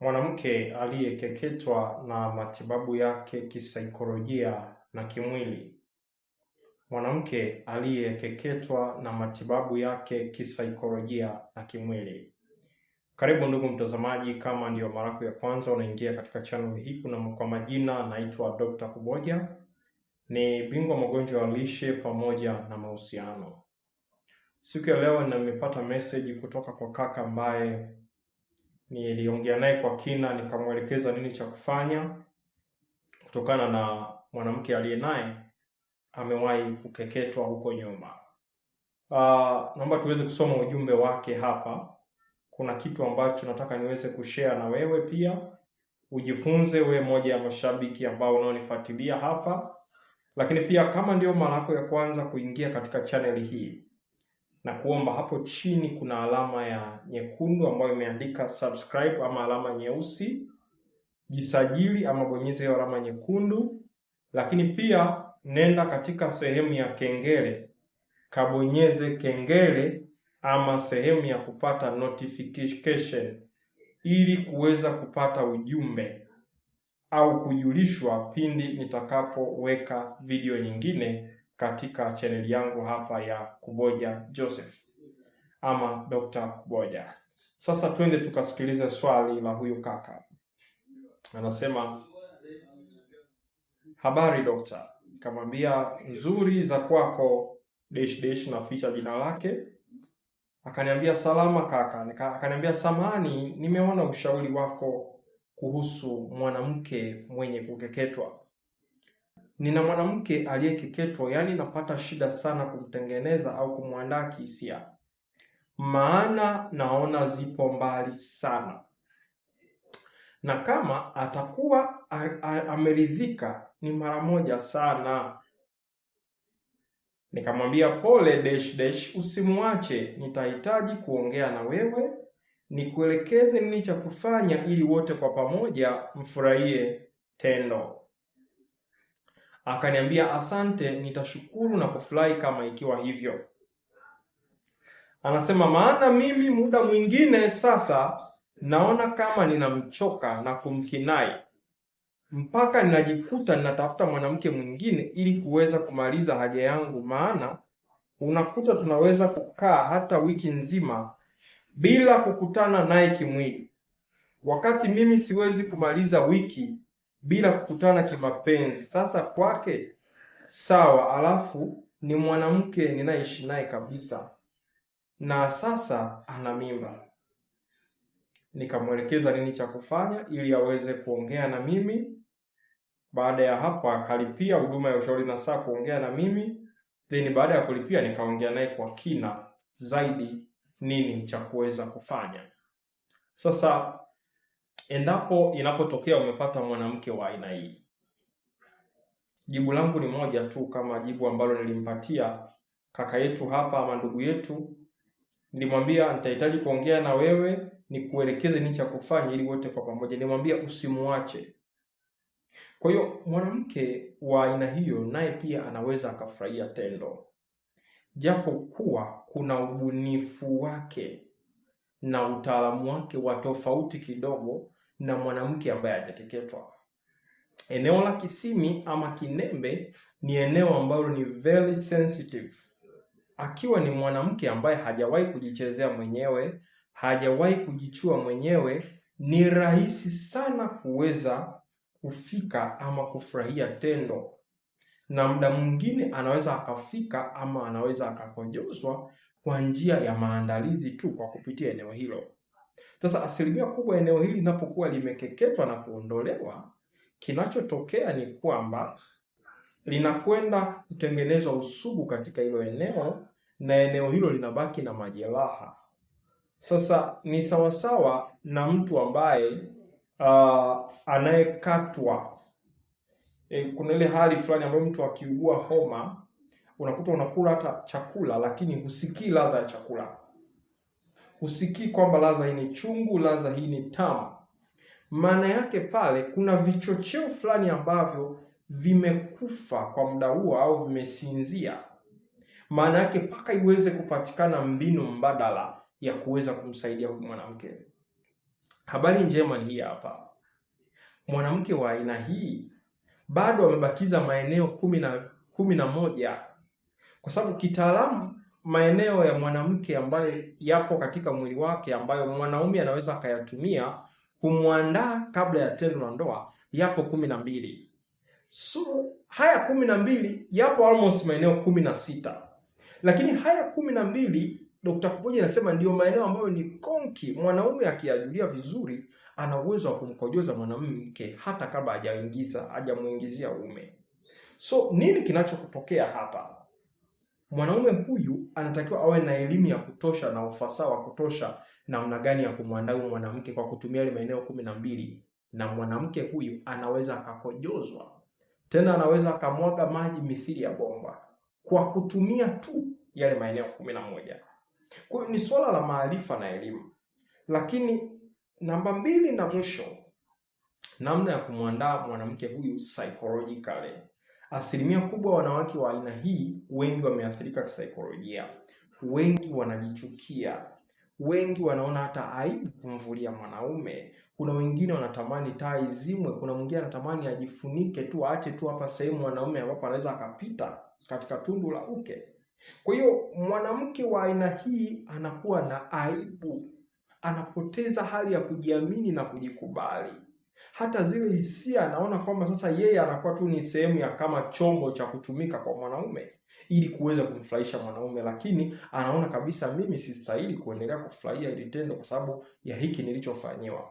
Mwanamke aliyekeketwa na matibabu yake kisaikolojia na kimwili. Mwanamke aliyekeketwa na matibabu yake kisaikolojia na kimwili. Karibu ndugu mtazamaji, kama ndiyo mara yako ya kwanza unaingia katika channel hii, kuna kwa majina naitwa Dr. Kuboja, ni bingwa magonjwa ya lishe pamoja na mahusiano. Siku ya leo nimepata message kutoka kwa kaka ambaye niliongea naye kwa kina, nikamwelekeza nini cha kufanya, kutokana na mwanamke aliye naye amewahi kukeketwa huko nyuma. Uh, naomba tuweze kusoma ujumbe wake hapa. Kuna kitu ambacho nataka niweze kushare na wewe pia ujifunze, we moja ya mashabiki ambao unaonifuatilia hapa, lakini pia kama ndio mara yako ya kwanza kuingia katika chaneli hii na kuomba hapo chini kuna alama ya nyekundu ambayo imeandika subscribe ama alama nyeusi, jisajili ama bonyeza hiyo alama nyekundu, lakini pia nenda katika sehemu ya kengele, kabonyeze kengele ama sehemu ya kupata notification ili kuweza kupata ujumbe au kujulishwa pindi nitakapoweka video nyingine katika chaneli yangu hapa ya Kuboja Joseph ama Dr. Kuboja. Sasa twende tukasikilize swali la huyu kaka, anasema habari dokta, kamwambia nzuri za kwako dash dash, naficha jina lake. Akaniambia salama kaka, akaniambia samani, nimeona ushauri wako kuhusu mwanamke mwenye kukeketwa Nina mwanamke aliyekeketwa, yaani napata shida sana kumtengeneza au kumwandaa kihisia, maana naona zipo mbali sana, na kama atakuwa ameridhika ni mara moja sana. Nikamwambia pole dash dash, usimwache, nitahitaji kuongea na wewe, nikuelekeze nini cha kufanya ili wote kwa pamoja mfurahie tendo. Akaniambia, asante, nitashukuru na kufurahi kama ikiwa hivyo. Anasema, maana mimi muda mwingine sasa naona kama ninamchoka na kumkinai mpaka ninajikuta ninatafuta mwanamke mwingine ili kuweza kumaliza haja yangu, maana unakuta tunaweza kukaa hata wiki nzima bila kukutana naye kimwili, wakati mimi siwezi kumaliza wiki bila kukutana kimapenzi. Sasa kwake sawa, alafu ni mwanamke ninaishi naye kabisa, na sasa ana mimba. Nikamwelekeza nini cha kufanya ili aweze kuongea na mimi. Baada ya hapo, akalipia huduma ya ushauri na saa kuongea na mimi, then baada ya kulipia, nikaongea naye kwa kina zaidi nini cha kuweza kufanya sasa endapo inapotokea umepata mwanamke wa aina hii? Jibu langu ni moja tu, kama jibu ambalo nilimpatia kaka yetu hapa ama ndugu yetu. Nilimwambia nitahitaji kuongea na wewe, nikuelekeze nini cha kufanya, ili wote kwa pamoja. Nilimwambia usimuache. Kwa hiyo mwanamke wa aina hiyo naye pia anaweza akafurahia tendo, japo kuwa kuna ubunifu wake na utaalamu wake wa tofauti kidogo na mwanamke ambaye hajakeketwa. Eneo la kisimi ama kinembe ni eneo ambalo ni very sensitive. Akiwa ni mwanamke ambaye hajawahi kujichezea mwenyewe, hajawahi kujichua mwenyewe, ni rahisi sana kuweza kufika ama kufurahia tendo, na muda mwingine anaweza akafika ama anaweza akakonjozwa kwa njia ya maandalizi tu kwa kupitia eneo hilo. Sasa asilimia kubwa eneo hili linapokuwa limekeketwa na kuondolewa, kinachotokea ni kwamba linakwenda kutengenezwa usugu katika hilo eneo na eneo hilo linabaki na majeraha. Sasa ni sawasawa na mtu ambaye uh, anayekatwa. E, kuna ile hali fulani ambayo mtu akiugua homa unakuta unakula hata chakula lakini husikii ladha ya chakula husikii kwamba ladha hii ni chungu, ladha hii ni tamu. Maana yake pale kuna vichocheo fulani ambavyo vimekufa kwa muda huo au vimesinzia. Maana yake mpaka iweze kupatikana mbinu mbadala ya kuweza kumsaidia huyu mwanamke. Habari njema ni hii hapa, mwanamke wa aina hii bado amebakiza maeneo kumi na kumi na moja kwa sababu kitaalamu maeneo ya mwanamke ambayo yapo katika mwili wake ambayo mwanaume anaweza akayatumia kumwandaa kabla ya tendo la ndoa yapo kumi na mbili. So haya kumi na mbili yapo almost maeneo kumi na sita, lakini haya kumi na mbili Dr. Kuboja anasema ndiyo maeneo ambayo ni konki. Mwanaume akiyajulia vizuri, ana uwezo wa kumkojoza mwanamke hata kabla hajaingiza hajamuingizia ume. So nini kinachokutokea hapa? Mwanaume huyu anatakiwa awe na elimu ya kutosha na ufasaha wa kutosha namna gani ya kumwandaa mwanamke kwa kutumia yale maeneo kumi na mbili, na mwanamke huyu anaweza akakojozwa, tena anaweza akamwaga maji mithili ya bomba kwa kutumia tu yale maeneo kumi na moja. Kwa hiyo ni swala la maarifa na elimu. Lakini namba mbili na mwisho, namna ya kumwandaa mwanamke huyu psychologically Asilimia kubwa wanawake wa aina hii, wengi wameathirika kisaikolojia, wengi wanajichukia, wengi wanaona hata aibu kumvulia mwanaume. Kuna wengine wanatamani taa izimwe, kuna mwingine anatamani ajifunike tu, aache tu hapa sehemu mwanaume ambapo anaweza akapita katika tundu la uke. Kwa hiyo mwanamke wa aina hii anakuwa na aibu, anapoteza hali ya kujiamini na kujikubali hata zile hisia anaona kwamba sasa yeye anakuwa tu ni sehemu ya kama chombo cha kutumika kwa mwanaume ili kuweza kumfurahisha mwanaume, lakini anaona kabisa mimi sistahili kuendelea kufurahia ili tendo kwa sababu ya hiki nilichofanyiwa.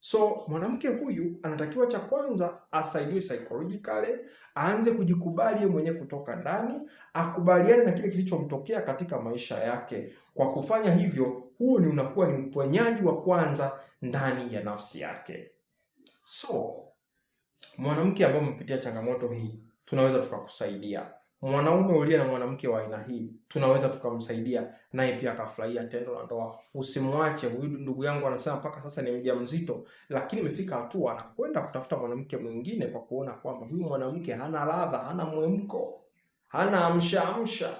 So mwanamke huyu anatakiwa cha kwanza asaidiwe psychologically, aanze kujikubali yeye mwenyewe kutoka ndani, akubaliane na kile kilichomtokea katika maisha yake. Kwa kufanya hivyo, huo ni unakuwa ni uponyaji wa kwanza ndani ya nafsi yake. So mwanamke ambaye umepitia changamoto hii, tunaweza tukakusaidia. Mwanaume uliye na mwanamke wa aina hii, tunaweza tukamsaidia naye pia akafurahia tendo la ndoa. Usimwache huyu. Ndugu yangu anasema mpaka sasa ni mja mzito lakini imefika hatua anakwenda kutafuta mwanamke mwingine kwa kuona kwamba huyu mwanamke hana ladha, hana mwemko, hana amsha amsha.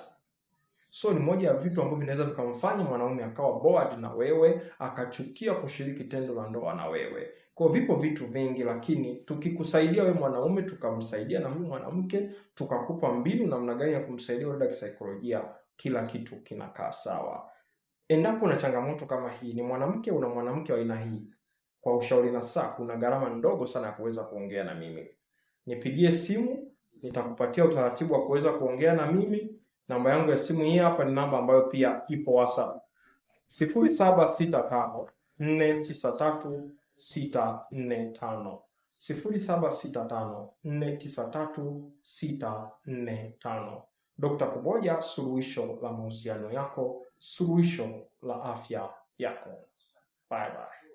So ni moja ya vitu ambavyo vinaweza vikamfanya mwanaume akawa bored na wewe, akachukia kushiriki tendo la ndoa na wewe. Kwa vipo vitu vingi, lakini tukikusaidia we mwanaume, tukamsaidia na huyu mwanamke, tukakupa mbinu namna gani ya kumsaidia dada kisaikolojia, kila kitu kinakaa sawa. Endapo una changamoto kama hii, ni mwanamke, una mwanamke wa aina hii, kwa ushauri na saa, kuna gharama ndogo sana ya kuweza kuongea na mimi. Nipigie simu, nitakupatia utaratibu wa kuweza kuongea na mimi. Namba yangu ya simu hii hapa, ni namba ambayo pia ipo WhatsApp, sifuri saba sita tano nne tisa tatu sita nne tano sifuri saba sita tano nne tisa tatu sita nne tano. Dokta Kuboja, suluhisho la mahusiano yako, suluhisho la afya yako. Bye bye.